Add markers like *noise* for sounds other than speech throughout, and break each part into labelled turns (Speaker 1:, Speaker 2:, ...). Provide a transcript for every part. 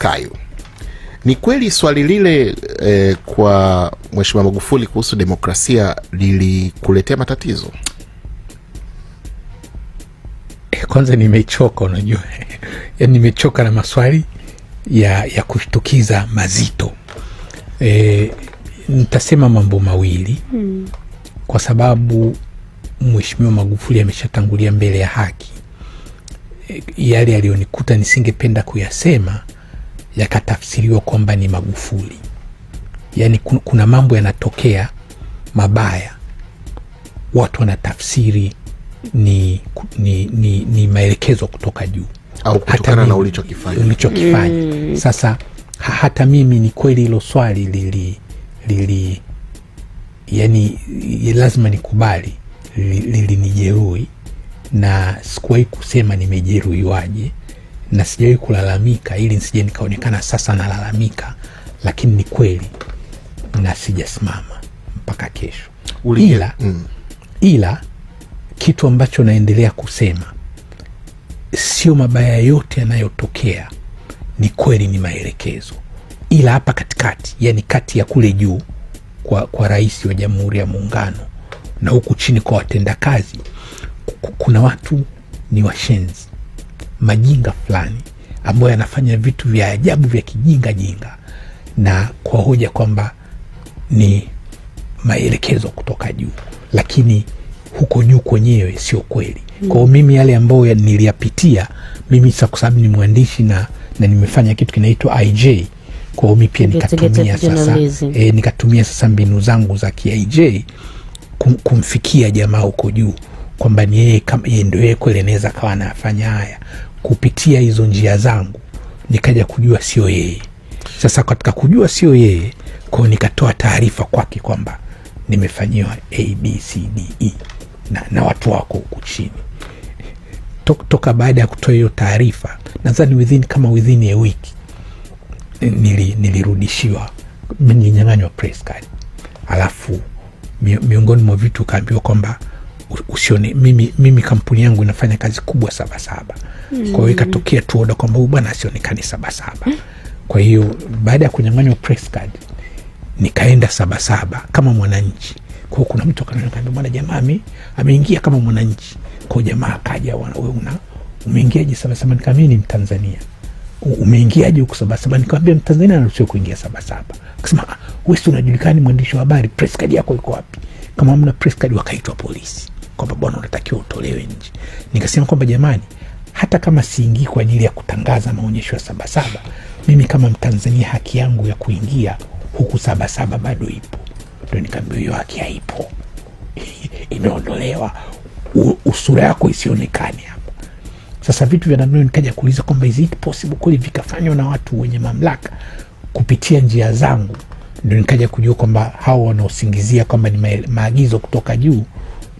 Speaker 1: Kayu. Ni kweli swali lile e, kwa Mheshimiwa Magufuli kuhusu demokrasia lilikuletea matatizo?
Speaker 2: Eh, kwanza nimechoka, unajua *laughs* yaani nimechoka na maswali ya, ya kushtukiza mazito. E, nitasema mambo mawili hmm, kwa sababu Mheshimiwa Magufuli ameshatangulia mbele ya haki. E, yale yaliyonikuta nisingependa kuyasema yakatafsiriwa kwamba ni Magufuli. Yaani kuna mambo yanatokea mabaya, watu wanatafsiri ni, ni, ni, ni maelekezo kutoka juu
Speaker 1: au kutokana na ulichokifanya
Speaker 2: ulichokifanya. Mm. Sasa hata mimi ni kweli hilo swali lili, lili yani lazima nikubali lilinijeruhi, na sikuwahi kusema nimejeruhiwaje, na sijawai kulalamika, ili nsije nikaonekana sasa nalalamika, lakini ni kweli na sijasimama mpaka kesho Uli, ila, mm. ila kitu ambacho naendelea kusema sio mabaya yote yanayotokea, ni kweli ni maelekezo, ila hapa katikati, yani kati ya kule juu kwa, kwa Rais wa Jamhuri ya Muungano na huku chini kwa watendakazi, kuna watu ni washenzi majinga fulani ambayo yanafanya vitu vya ajabu vya kijinga jinga, na kwa hoja kwamba ni maelekezo kutoka juu, lakini huko juu kwenyewe sio kweli. Kwa hiyo mimi yale ambayo ya niliyapitia mimi sa, kwa sababu ni mwandishi na, na nimefanya kitu kinaitwa IJ, kwa hiyo mimi pia nikatumia sasa, e, nikatumia sasa mbinu zangu za kiij kum, kumfikia jamaa huko juu kwamba ni yeye ndo yeye yeye kweli anaweza kawa anafanya haya kupitia hizo njia zangu nikaja kujua sio yeye. Sasa katika kujua sio yeye, kwao nikatoa taarifa kwake kwamba nimefanyiwa abcde na, na watu wako huku chini. Toka baada ya kutoa hiyo taarifa, nadhani within kama within a wiki nili, nilirudishiwa, nilinyang'anywa alafu miongoni mwa vitu ukaambiwa kwamba usione mimi, mimi kampuni yangu inafanya kazi kubwa Sabasaba. Kwa hiyo mm. ikatokea tu oda kwamba bwana asionekani Sabasaba. Kwa hiyo baada ya kunyang'anywa press card nikaenda Sabasaba kama mwananchi. kwao kuna mtu akaniambia bwana, jamaa ameingia kama mwananchi. Kwa jamaa akaja, wewe una umeingiaje Sabasaba? mii ni Mtanzania. Umeingiaje huku Sabasaba? nikawambia Mtanzania anaruhusiwa kuingia Sabasaba. Akasema ah, wewe unajulikani, mwandishi wa habari, press card yako iko wapi? Kama hamna press card, wakaitwa polisi kwamba bwana, unatakiwa utolewe nje. Nikasema kwamba jamani, hata kama siingii kwa ajili ya kutangaza maonyesho ya Sabasaba, mimi kama Mtanzania haki yangu ya kuingia huku Sabasaba bado ipo. Ndo nikaambia hiyo haki haipo, *laughs* imeondolewa, usura yako isionekane hapa. Sasa vitu vya namna hiyo, nikaja kuuliza kwamba is possible kweli vikafanywa na watu wenye mamlaka kupitia njia zangu. Ndo nikaja kujua kwamba hao wanaosingizia kwamba ni maagizo kutoka juu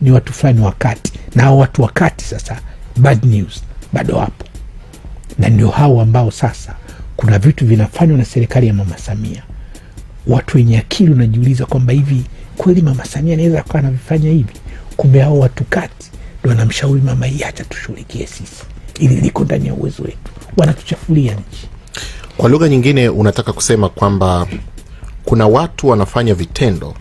Speaker 2: ni watu fulani wakati na hao watu wakati sasa bad news bado wapo, na ndio hao ambao sasa kuna vitu vinafanywa na serikali ya Mama Samia. Watu wenye akili unajiuliza kwamba hivi kweli Mama Samia anaweza akawa anavifanya hivi? Kumbe hao watu kati ndo wanamshauri mama, hii hacha tushughulikie sisi, ili liko ndani ya uwezo wetu, wanatuchafulia nchi.
Speaker 1: Kwa lugha nyingine, unataka kusema kwamba kuna watu wanafanya vitendo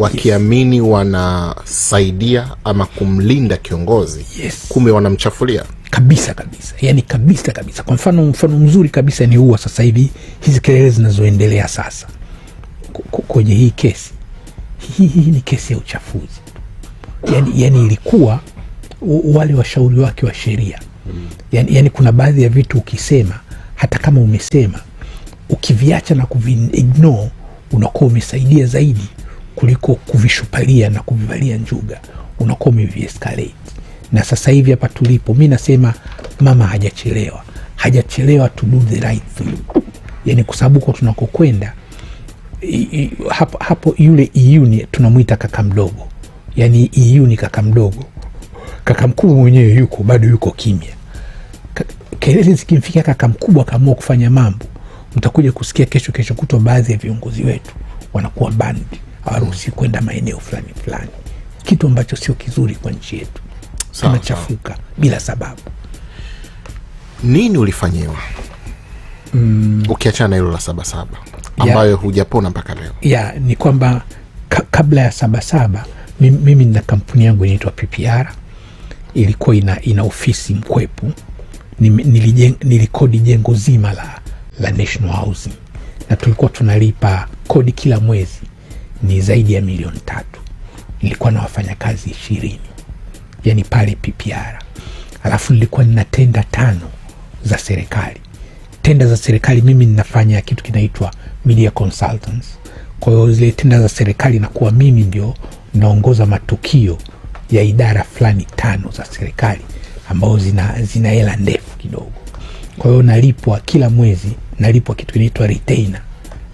Speaker 1: wakiamini wanasaidia ama kumlinda kiongozi yes. Kumbe wanamchafulia
Speaker 2: kabisa kabisa, yani kabisa kabisa. Kwa mfano, mfano mzuri kabisa ni huwa sasa hivi hizi kelele zinazoendelea sasa kwenye hii kesi hii, ni kesi ya uchafuzi yani, yani ilikuwa wale washauri wake wa sheria hmm. yani, yani kuna baadhi ya vitu ukisema hata kama umesema ukiviacha na kuvi unakuwa umesaidia zaidi kuliko kuvishupalia na kuvivalia njuga, unakuwa umeviescalate. Na sasa hivi hapa tulipo, mi nasema mama hajachelewa, hajachelewa to do the right thing, yani kwa sababu huko tunakokwenda hapo, hapo yule iuni e tunamwita kaka mdogo, yani iuni e kaka mdogo, kaka mkubwa mwenyewe yuko bado yuko kimya. Kelele zikimfikia kaka mkubwa akaamua kufanya mambo, mtakuja kusikia kesho kesho kutwa baadhi ya viongozi wetu wanakuwa bandi hawaruhusi kwenda maeneo fulani fulani, kitu ambacho sio kizuri kwa nchi yetu. Tunachafuka bila sababu.
Speaker 1: Nini ulifanyiwa? Mm. Ukiachana na hilo la Sabasaba ambayo hujapona mpaka leo
Speaker 2: ya ni kwamba ka, kabla ya Sabasaba mimi nina kampuni yangu inaitwa PPR ilikuwa ina, ina ofisi Mkwepu. Nilijeng, nilikodi jengo zima la, la National Housing na tulikuwa tunalipa kodi kila mwezi ni zaidi ya milioni tatu. Nilikuwa na wafanyakazi ishirini, yani pale PPR, alafu nilikuwa nina tenda tano za serikali. Tenda za serikali mimi ninafanya kitu kinaitwa media consultants. Kwa hiyo zile tenda za serikali nakuwa mimi ndio naongoza matukio ya idara fulani tano za serikali ambao zina zina hela ndefu kidogo. Kwa hiyo nalipwa kila mwezi, nalipwa kitu kinaitwa retainer,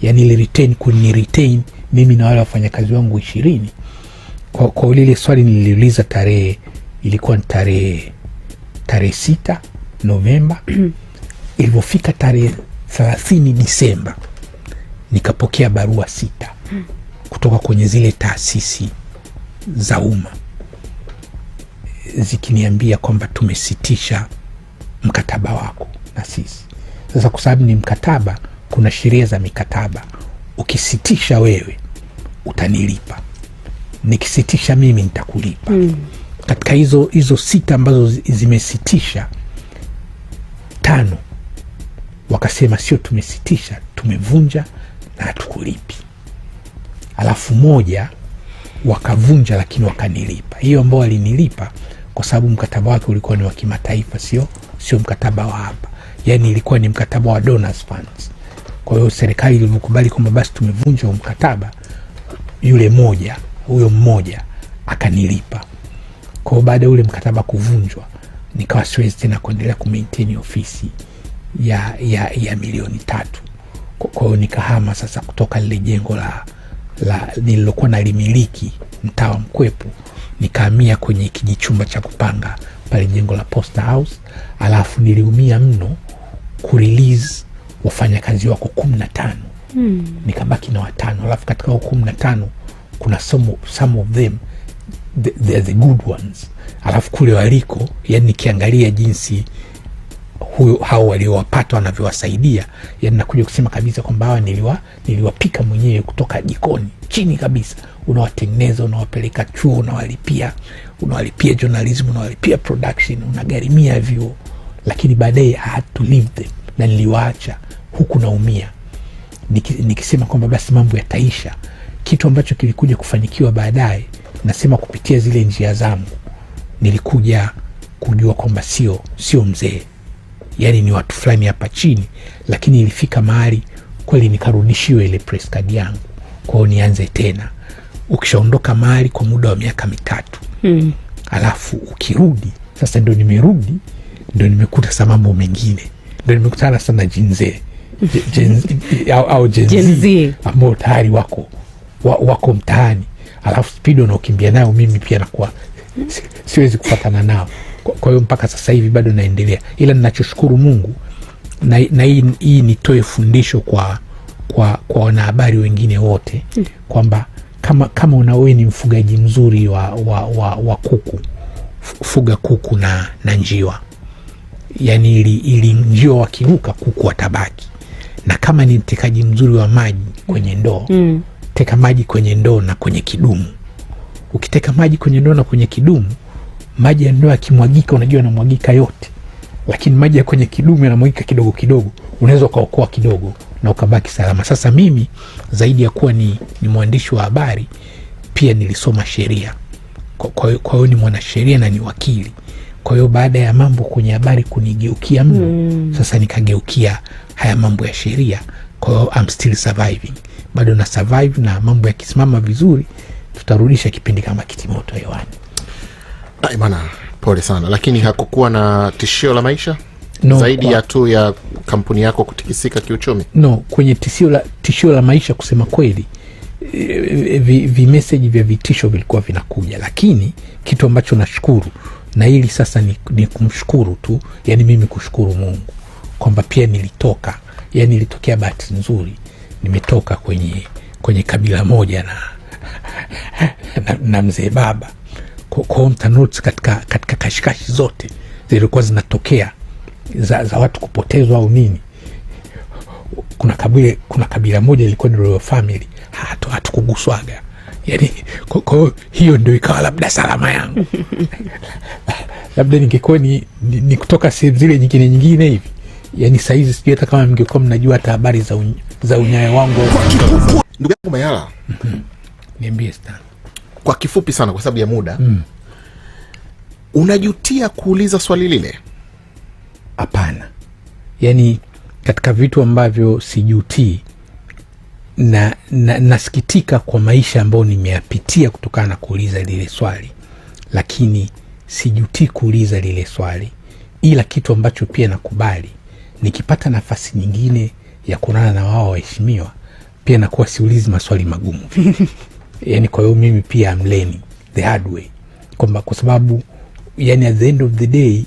Speaker 2: yani ile retain kuni retain mimi na wale wafanyakazi wangu ishirini. Kwa, kwa lile swali niliuliza tarehe ilikuwa ni tarehe tarehe sita Novemba *clears throat* ilivyofika tarehe thelathini Disemba nikapokea barua sita kutoka kwenye zile taasisi za umma zikiniambia kwamba tumesitisha mkataba wako na sisi. Sasa kwa sababu ni mkataba, kuna sheria za mikataba, ukisitisha wewe utanilipa, nikisitisha mimi nitakulipa. mm. Katika hizo hizo sita ambazo zimesitisha, tano wakasema sio, tumesitisha, tumevunja na hatukulipi. Alafu moja wakavunja, lakini wakanilipa, hiyo ambao walinilipa, kwa sababu mkataba wake ulikuwa ni wa kimataifa, sio sio mkataba wa hapa, yani ilikuwa ni mkataba wa donors funds. Kwa hiyo serikali ilivyokubali kwamba basi tumevunja huu mkataba yule moja, huyo mmoja akanilipa. Kwa baada ya ule mkataba kuvunjwa, nikawa siwezi tena kuendelea kumaintain ofisi ya, ya, ya milioni tatu. Kwa hiyo nikahama sasa kutoka lile jengo la, la nililokuwa nalimiliki mtaa wa Mkwepu, nikahamia kwenye kijichumba cha kupanga pale jengo la Posta House, alafu niliumia mno kurelease wafanyakazi wako kumi na tano hmm. nikabaki na watano, alafu katika hao kumi na tano kuna some, some of them the, the, the good ones, alafu kule waliko, yani nikiangalia jinsi huyo hao waliowapata wanavyowasaidia, yani nakuja kusema kabisa kwamba hawa niliwa niliwapika mwenyewe kutoka jikoni chini kabisa. Unawatengeneza, unawapeleka chuo, unawalipia, unawalipia journalism, unawalipia production, unagharimia vyuo, lakini baadaye I had to leave them, na niliwaacha huku naumia nikisema kwamba basi mambo yataisha, kitu ambacho kilikuja kufanikiwa baadaye, nasema kupitia zile njia zangu nilikuja kujua kwamba sio sio mzee, yani ni watu fulani hapa chini, lakini ilifika mahali kweli nikarudishiwe ile press yangu, kwao nianze tena. Ukishaondoka mahali kwa muda wa miaka mitatu hmm. alafu ukirudi sasa, ndo nimerudi, ndo nimekuta sa mambo mengine, ndo nimekutana sana jinzee au, au jenzi ambao tayari wako, wako mtaani, alafu spidi unaokimbia nayo mimi pia nakuwa siwezi kupatana nao. Kwa hiyo mpaka sasa hivi bado naendelea, ila ninachoshukuru Mungu na, na hii, hii nitoe fundisho kwa, kwa, kwa wanahabari wengine wote kwamba kama, kama unawe ni mfugaji mzuri wa, wa, wa, wa kuku fuga kuku na, na njiwa, yani, ili, ili njiwa wakiruka kuku watabaki na kama ni mtekaji mzuri wa maji kwenye ndoo mm. teka maji kwenye ndoo na kwenye kidumu. Ukiteka maji kwenye ndoo na kwenye kidumu, maji ya ndoo yakimwagika, unajua yanamwagika yote, lakini maji ya kwenye kidumu yanamwagika kidogo kidogo, unaweza ukaokoa kidogo na ukabaki salama. Sasa mimi zaidi ya kuwa ni, ni mwandishi wa habari pia nilisoma sheria, kwa hiyo ni mwanasheria na ni wakili. Kwa hiyo baada ya mambo kwenye habari kunigeukia mno mm. Sasa nikageukia haya mambo ya sheria. Kwa hiyo I'm still surviving, bado na survive, na mambo yakisimama vizuri tutarudisha kipindi kama kitimoto hewani.
Speaker 1: Bana, pole sana, lakini hakukuwa na tishio la maisha no, zaidi ya tu ya kampuni yako kutikisika kiuchumi?
Speaker 2: No, kwenye tishio la, tishio la maisha kusema kweli vimeseji vi vya vitisho vilikuwa vinakuja, lakini kitu ambacho nashukuru na hili sasa ni, ni kumshukuru tu, yani mimi kushukuru Mungu kwamba pia nilitoka, yani ilitokea bahati nzuri, nimetoka kwenye kwenye kabila moja na, *laughs* na, na mzee baba kwao mtanuts katika, katika kashikashi zote zilikuwa zinatokea za, za watu kupotezwa au nini. Kuna kabila, kuna kabila moja ilikuwa ni royal family, hatukuguswaga yani, kwa, hiyo ndio ikawa labda salama yangu *laughs* labda ningekuwa ni, ni, ni kutoka sehemu zile nyingine nyingine hivi yani saizi sijui hata kama mngekuwa mnajua hata habari za, un, za unyayo wangu.
Speaker 1: Ndugu yangu Mayala,
Speaker 2: mm-hmm. niambie
Speaker 1: kwa kifupi sana kwa sababu ya muda mm. Unajutia kuuliza swali lile?
Speaker 2: Hapana, yani katika vitu ambavyo sijutii na, na nasikitika kwa maisha ambayo nimeyapitia kutokana na kuuliza lile swali, lakini sijutii kuuliza lile swali, ila kitu ambacho pia nakubali, nikipata nafasi nyingine ya kuonana na wao waheshimiwa, pia nakuwa siulizi maswali magumu *laughs* yani. Kwa hiyo mimi pia mleni the hard way kwamba kwa sababu yani, at the end of the day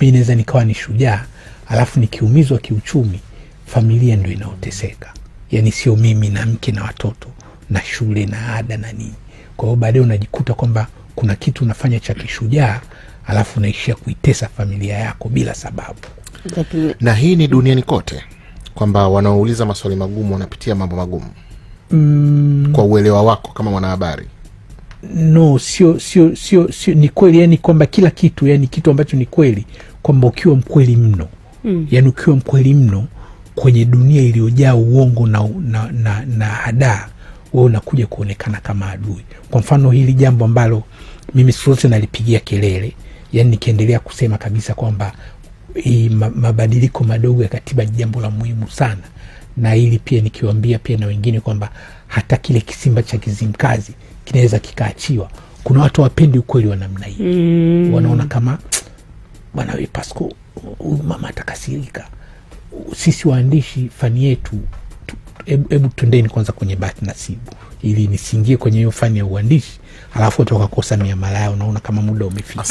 Speaker 2: mi naweza nikawa ni shujaa alafu nikiumizwa kiuchumi, familia ndo inaoteseka yani sio mimi na mke na watoto na shule na ada na nini. Kwa hiyo baadae unajikuta kwamba kuna kitu unafanya cha kishujaa, alafu unaishia kuitesa familia yako bila sababu.
Speaker 1: Na hii ni duniani kote, kwamba wanaouliza maswali magumu wanapitia mambo magumu.
Speaker 2: Mm.
Speaker 1: Kwa uelewa wako kama mwanahabari
Speaker 2: No, sio sio sio sio, ni kweli yani kwamba kila kitu yani kitu ambacho ni kweli kwamba ukiwa mkweli mno mm. yani ukiwa mkweli mno kwenye dunia iliyojaa uongo na, na, na, na hadaa, we unakuja kuonekana kama adui. Kwa mfano hili jambo ambalo mimi siku zote nalipigia kelele, yani nikiendelea kusema kabisa kwamba mabadiliko madogo ya katiba ni jambo la muhimu sana, na hili pia nikiwambia pia na wengine kwamba hata kile kisimba cha Kizimkazi kinaweza kikaachiwa. Kuna watu wapendi ukweli wa namna hii
Speaker 1: mm.
Speaker 2: Wanaona kama bwana we Pasco, huyu mama atakasirika sisi waandishi fani yetu, hebu tuendeni kwanza kwenye bahati nasibu, ili nisiingie kwenye hiyo fani ya uandishi, alafu watu wakakosa miamala yao. Unaona kama muda umefika.